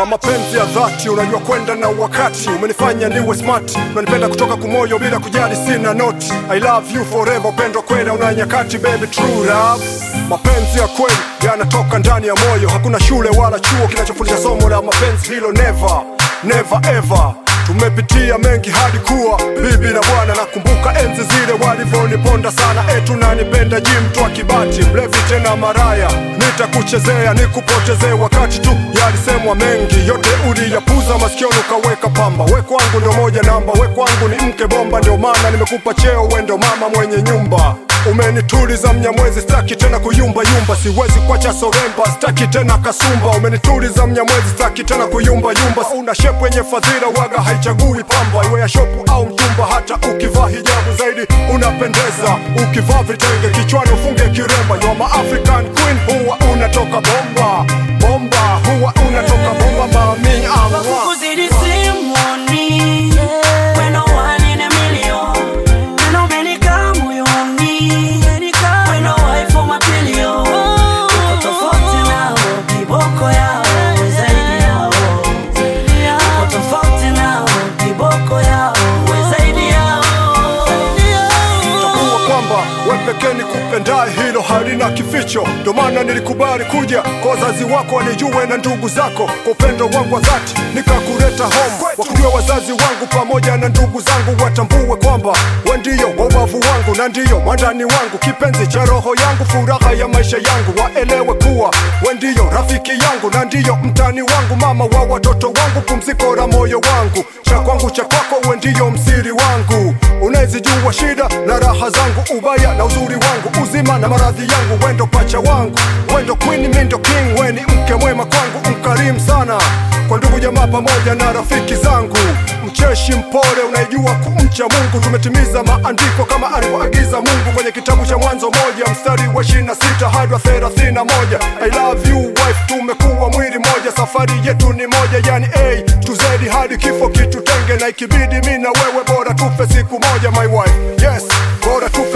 na mapenzi ya dhati, unajua kwenda na wakati, umenifanya niwe smart, unanipenda kutoka kumoyo bila kujali, sina noti. I love you forever, upendo kwela una nyakati, baby true love. Mapenzi ya kweli yanatoka ndani ya moyo, hakuna shule wala chuo kinachofundisha somo la mapenzi hilo, never never ever tumepitia mengi hadi kuwa bibi na bwana. Nakumbuka enzi zile walivoniponda sana, etu eh, nanipenda jim twa kibati, mlevi tena maraya. Nitakuchezea nikupotezee, wakati tu yalisemwa mengi, yote uliyapuza masikioni ukaweka pamba. We kwangu ndo moja namba, we kwangu ni mke bomba, ndio maana nimekupa cheo, wendo mama mwenye nyumba. Umenituliza Mnyamwezi, staki tena kuyumba yumba siwezi kuacha soremba, staki tena kasumba. Umenituliza Mnyamwezi, staki tena yumba Una shepu yenye fadhila, waga haichagui pamba, iwe ya shopu au mtumba. Hata ukivaa hijabu zaidi unapendeza, ukivaa vitenge kichwani ufunge kiremba. yoma African queen, huwa unatoka bomba we pekee kupendae hilo halina kificho. Ndo maana nilikubali kuja kwa wazazi wako wanijue na ndugu zako, kwa upendo wangu wa dhati nikakuleta home. Wakujue wazazi wangu pamoja na ndugu zangu, watambue kwamba we ndiyo wangu na ndiyo mwandani wangu, kipenzi cha roho yangu, furaha ya maisha yangu. Waelewe kuwa we ndiyo rafiki yangu na ndiyo mtani wangu, mama wa watoto wangu, pumziko la moyo wangu, cha kwangu cha kwako, we ndiyo utajiri wangu unawezijua shida na raha zangu ubaya na uzuri wangu uzima na maradhi yangu wendo pacha wangu wendo queen mindo king weni mke mwema kwangu mkarimu sana kwa ndugu jamaa pamoja na rafiki zangu mcheshi mpole unaijua kumcha mungu tumetimiza maandiko kama alivyoagiza mungu kwenye kitabu cha mwanzo moja mstari wa 26 hadi 31 i love you wife tume safari yetu ni moja, yani hey, tuzedi hadi kifo kitutenge, na ikibidi mi na wewe bora tufe siku moja my wife. Yes, bora tufe